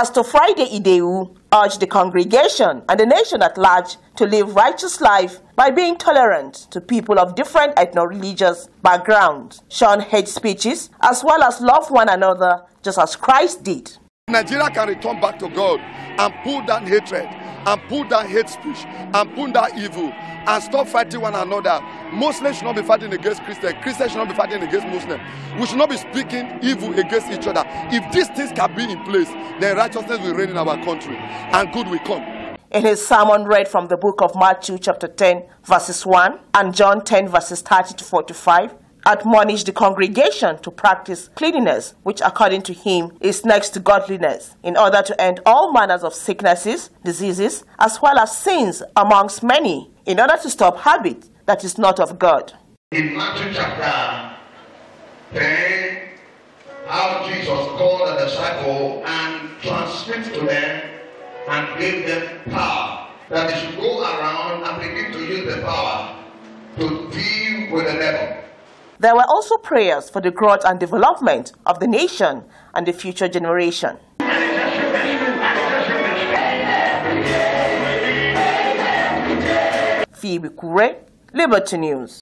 Pastor Friday Ideu urged the congregation and the nation at large to live righteous life by being tolerant to people of different ethno-religious backgrounds, shun hate speeches, as well as love one another just as Christ did. Nigeria can return back to God and pull down hatred and put down hate speech and put down evil and stop fighting one another. Muslims should not be fighting against Christians. Christians should not be fighting against Muslims. We should not be speaking evil against each other. If these things can be in place, then righteousness will reign in our country and good will come. In his sermon read from the book of Matthew chapter 10 verses 1 and John 10 verses 30 to 45, admonished the congregation to practice cleanliness, which according to him is next to godliness, in order to end all manners of sicknesses, diseases, as well as sins amongst many, in order to stop habit that is not of God. In Matthew chapter 10, how Jesus called the disciple and transmitted to them and gave them power that they should go around and begin to use the power to deal with the devil. There were also prayers for the growth and development of the nation and the future generation. Phoebe Kure, Liberty News.